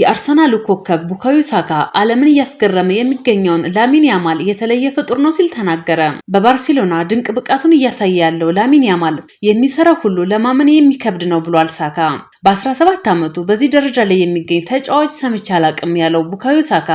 የአርሰናሉ ኮከብ ቡካዮ ሳካ ዓለምን እያስገረመ የሚገኘውን ላሚን ያማል የተለየ ፍጡር ነው ሲል ተናገረ። በባርሴሎና ድንቅ ብቃቱን እያሳየ ያለው ላሚን ያማል የሚሰራው ሁሉ ለማመን የሚከብድ ነው ብሏል ሳካ። በ17 ዓመቱ በዚህ ደረጃ ላይ የሚገኝ ተጫዋች ሰምቼ አላቅም ያለው ቡካዮ ሳካ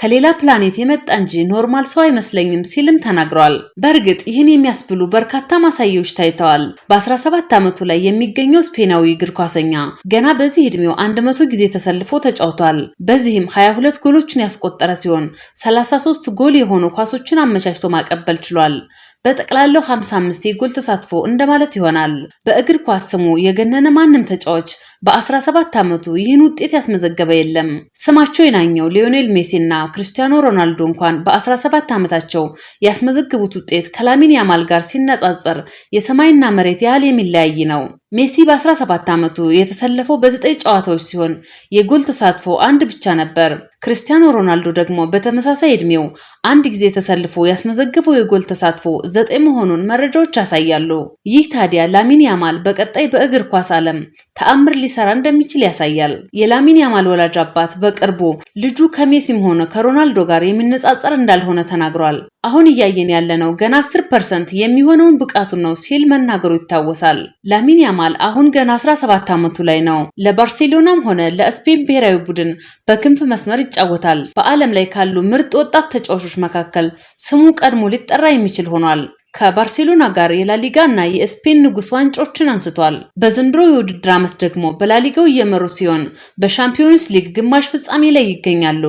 ከሌላ ፕላኔት የመጣ እንጂ ኖርማል ሰው አይመስለኝም ሲልም ተናግሯል። በእርግጥ ይህን የሚያስብሉ በርካታ ማሳያዎች ታይተዋል። በ17 ዓመቱ ላይ የሚገኘው ስፔናዊ እግር ኳሰኛ ገና በዚህ ዕድሜው 100 ጊዜ ተሰልፎ ተጫውቷል። በዚህም 22 ጎሎችን ያስቆጠረ ሲሆን 33 ጎል የሆኑ ኳሶችን አመቻችቶ ማቀበል ችሏል። በጠቅላላው 55 የጎል ተሳትፎ እንደማለት ይሆናል። በእግር ኳስ ስሙ የገነነ ማንም ተጫዋች በ17 ዓመቱ ይህን ውጤት ያስመዘገበ የለም። ስማቸው የናኘው ሊዮኔል ሜሲና ክርስቲያኖ ሮናልዶ እንኳን በ17 ዓመታቸው ያስመዘግቡት ውጤት ከላሚን ያማል ጋር ሲነጻጸር የሰማይና መሬት ያህል የሚለያይ ነው። ሜሲ በ17 ዓመቱ የተሰለፈው በዘጠኝ ጨዋታዎች ሲሆን የጎል ተሳትፎ አንድ ብቻ ነበር። ክርስቲያኖ ሮናልዶ ደግሞ በተመሳሳይ ዕድሜው አንድ ጊዜ ተሰልፎ ያስመዘገበው የጎል ተሳትፎ ዘጠኝ መሆኑን መረጃዎች ያሳያሉ። ይህ ታዲያ ላሚን ያማል በቀጣይ በእግር ኳስ ዓለም ተአምር ሊሰራ እንደሚችል ያሳያል። የላሚን ያማል ወላጅ አባት በቅርቡ ልጁ ከሜሲም ሆነ ከሮናልዶ ጋር የሚነጻጸር እንዳልሆነ ተናግሯል። አሁን እያየን ያለነው ገና አስር ፐርሰንት የሚሆነውን ብቃቱን ነው ሲል መናገሩ ይታወሳል። ላሚን ያማል አሁን ገና 17 ዓመቱ ላይ ነው። ለባርሴሎናም ሆነ ለስፔን ብሔራዊ ቡድን በክንፍ መስመር ይጫወታል። በዓለም ላይ ካሉ ምርጥ ወጣት ተጫዋቾች መካከል ስሙ ቀድሞ ሊጠራ የሚችል ሆኗል። ከባርሴሎና ጋር የላሊጋ እና የስፔን ንጉስ ዋንጫዎችን አንስቷል። በዘንድሮ የውድድር ዓመት ደግሞ በላሊጋው እየመሩ ሲሆን በሻምፒዮንስ ሊግ ግማሽ ፍጻሜ ላይ ይገኛሉ።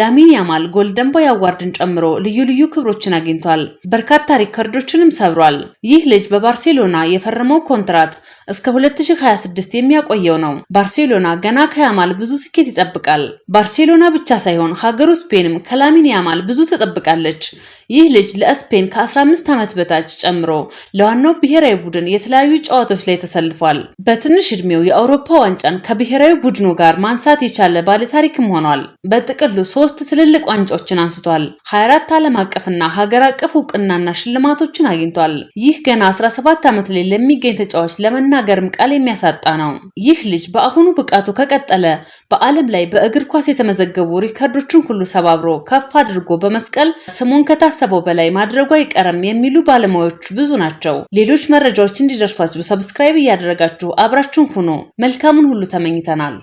ላሚን ያማል ጎልደን ቦይ አዋርድን ጨምሮ ልዩ ልዩ ክብሮችን አግኝቷል። በርካታ ሪከርዶችንም ሰብሯል። ይህ ልጅ በባርሴሎና የፈረመው ኮንትራት እስከ 2026 የሚያቆየው ነው። ባርሴሎና ገና ከያማል ብዙ ስኬት ይጠብቃል። ባርሴሎና ብቻ ሳይሆን ሀገሩ ስፔንም ከላሚን ያማል ብዙ ትጠብቃለች። ይህ ልጅ ለስፔን ከ15 ዓመት በታች ጨምሮ ለዋናው ብሔራዊ ቡድን የተለያዩ ጨዋታዎች ላይ ተሰልፏል። በትንሽ ዕድሜው የአውሮፓ ዋንጫን ከብሔራዊ ቡድኑ ጋር ማንሳት የቻለ ባለታሪክም ሆኗል። በጥቅሉ ሶስት ትልልቅ ዋንጫዎችን አንስቷል። 24 ዓለም አቀፍና ሀገር አቀፍ እውቅናና ሽልማቶችን አግኝቷል። ይህ ገና 17 ዓመት ላይ ለሚገኝ ተጫዋች ለመናገርም ቃል የሚያሳጣ ነው። ይህ ልጅ በአሁኑ ብቃቱ ከቀጠለ በዓለም ላይ በእግር ኳስ የተመዘገቡ ሪከርዶችን ሁሉ ሰባብሮ ከፍ አድርጎ በመስቀል ስሙን ከታሰ ካሰበው በላይ ማድረጉ አይቀርም የሚሉ ባለሙያዎች ብዙ ናቸው። ሌሎች መረጃዎች እንዲደርሷችሁ ሰብስክራይብ እያደረጋችሁ አብራችሁን ሁኑ። መልካምን ሁሉ ተመኝተናል።